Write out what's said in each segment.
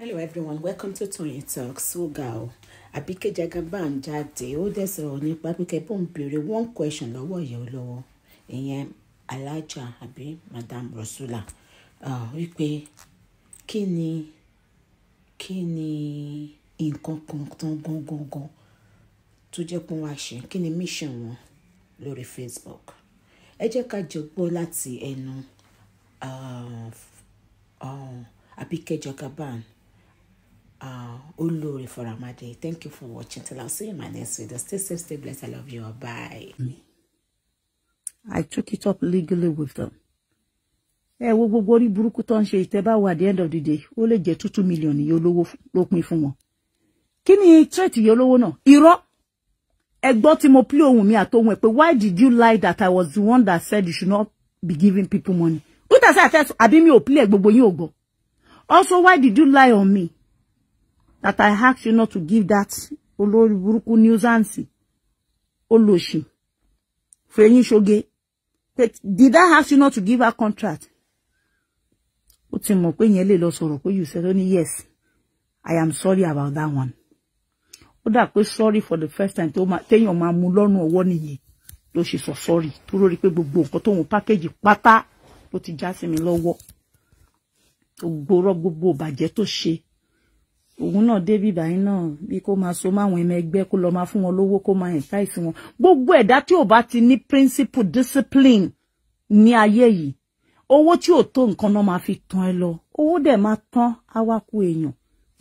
hello everyone welcome to Toyeen Talks ó ga ọ Jagaban jáde ó dẹ̀ sọ̀rọ̀ nípa pípẹ́ bóun béèrè one question lọ́wọ́ ìyá olówó ìyẹn alájà àbí madam Rasulá wípé kí ni kí ni nǹkan kan tán gangan tó jẹ́ pé wọ́n á ṣe kí ni mission wọn lórí Facebook ẹ jẹ́ ká jọ láti ẹnu Àbíkẹ́ Jagaban. Uh, uh, Abike Jagaban uh, ah, Olori Foramade. Thank you for watching. Till I'll see you in my next video. Stay safe, stay blessed. I love you. Bye. I took it up legally with them. ẹ wo gbogbo orí burúkú tó ń ṣe ìtẹ́báwò at the end of the day ó lè jẹ́ two two million iye olówó ló pín fún wọn. kí ni threat iye olówó náà irọ́ ẹgbọ́n tí mo plé ohun mi àtohun ẹ̀ pé why did you lie that I was the one that said you should not be giving people money? What I said, àbí mi ò plé gbogbo yín ò gbọ́. also why did you lie on me? that I asked you not to give that olórí burúkú nuisance olóṣì Fẹ́yìn Ṣoge did I ask you not to give her contract ó ti mọ̀ pé yẹn you said only yes I am sorry about that one Oda dà sorry for the first time téèyàn máa mú lọ́rùn ọwọ́ nìyẹn ló ṣe sọ sorry tó lórí pé gbogbo nǹkan tóun pákéjì pátá ló ti já sí mi lọ́wọ́ gbogbo rọ gbogbo ìbàjẹ́ tó ṣe òun náà débi báyìí náà bí kó máa so máwọn ẹmẹ ẹgbẹ́ kó lọ máa fún wọn lówó kó máa ẹ̀káìsì wọn gbogbo ẹ̀dá tí ò bá ti ní principle discipline ní ayé yìí owó tí ò tó nǹkan náà máa fi tán ẹ lọ owó dẹ̀ máa tán awakú èèyàn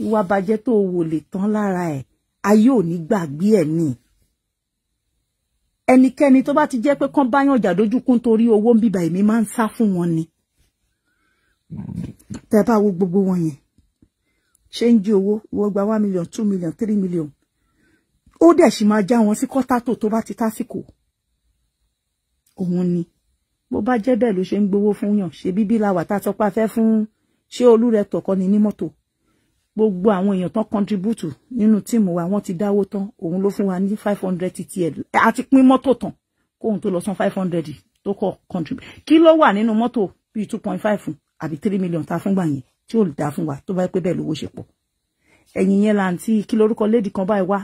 ìwà bàjẹ́ tó wò lè tán lára ẹ̀ ayé ò ní gbàgbé ẹ̀ ni ẹnikẹ́ni tó bá ti jẹ́ pé kán báyàn jà dójúkún torí owó ń bíbà èmi máa ń sá fún wọn ni tẹ́ bá wo gbogbo wọn yẹn ṣe ń jí owó ìwọ gba one million two million three million ó dẹ̀ sì máa já wọn sí kọ́tátò tó bá ti tásìkò òun ni bó bá jẹ́ bẹ́ẹ̀ ló ṣe ń gbowó fún yàn ṣe bíbí la wà tá a tọpa fẹ́ fún ṣé olúrẹ tọ̀kọ́ ni ní mọ́tò gbogbo àwọn èèyàn tán kọntribútù nínú tíìmù wa wọ́n ti dáwó tán òun ló fún wa ní five hundred títí ẹ̀ àti pín mọ́tò tán kóhun tó lọ san five hundred tó kọ contribute kí ló wà nínú mọ́tò bíi two point five àbí three million tá a fún gbà yẹn tí ò dá fún wa tó bá pẹ́ bẹ́ẹ̀ lówó ṣe pọ̀ ẹ̀yìn yẹn làǹtí kí lorúkọ léèdì kan báyìí wá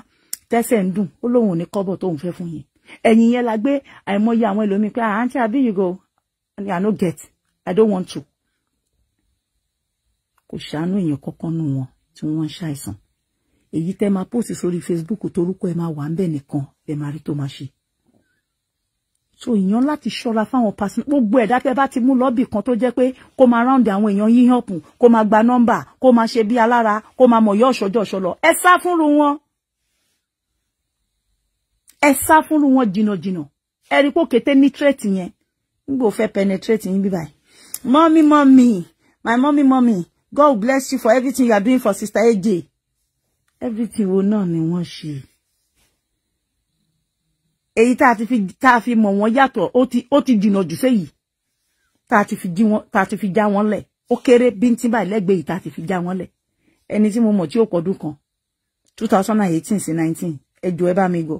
tẹ́sẹ̀ ń dùn ó lóun ò ní kọ́bọ̀ tóun fẹ́ fún yín ẹ̀yìn yẹn la gbé àìmọye àwọn ẹlòmíì pé àǹtí àbí you go I no get I don't want to. kò ṣàánú èèyàn kọ́kọ́ nù wọn tí wọ́n ń ṣàìsàn èyí tẹ́ máa post sórí Facebook torúkọ ẹ máa wà ń bẹ̀ nìkan ẹ máa rí tó máa ṣe so èèyàn láti ṣọ́ra fáwọn pàṣẹ gbogbo ẹ̀dá tẹ́ bá ti mú lọ́bì kan tó jẹ́ pé kó máa ráǹdì àwọn èèyàn yín hàn pù kó máa gba nọ́mbà kó máa ṣe bí alára kó máa mọ̀yọ́ ọ̀ṣọ́jọ́ ọ̀ṣọ́ lọ ẹ sá fúnru wọn ẹ sá fúnru wọn jìnnàjìnnà ẹ rí pò kété nítrẹ́ẹ̀tì yẹn nígbò fẹ́ penetrate yín bíbáyìí mọ́mí mọ́mí my mọ́mí mọ́mí God bless you for everything you are doing for sister AJ everything wo náà ni wọ́n ṣe èyí tá a ti fi tá a fi mọ̀ wọ́n yàtọ̀ ó ti ó ti dìnà jù séyìí tá a ti fi dí wọn tá a ti fi já wọn lẹ̀ ó kéré bíntín báyìí lẹ́gbẹ̀ẹ́ yìí tá ti fi já wọn lẹ̀ ẹni tí mo mọ̀ tí ó pọ̀dún kan two thousand and eighteen sí nineteen mi gọ̀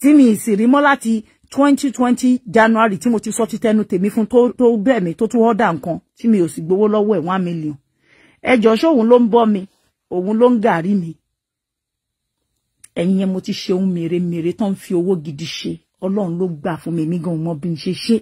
tí mi sì rí mọ́ láti twenty january tí mo ti sọ ti tẹnu tèmi fún tó tó bẹ́ẹ̀ mi tó tún ọ́dà nǹkan tí mi ò sì gbowó lọ́wọ́ ẹ̀ one million ẹjọ́ ṣóun ló ń bọ́ mi òun ló ń mi ẹ̀yin yẹn mo ti ṣe ohun mèremère tán fi owó gidi ṣe ọlọ́run ló gbà fún mi mi gan bí n ṣe ṣe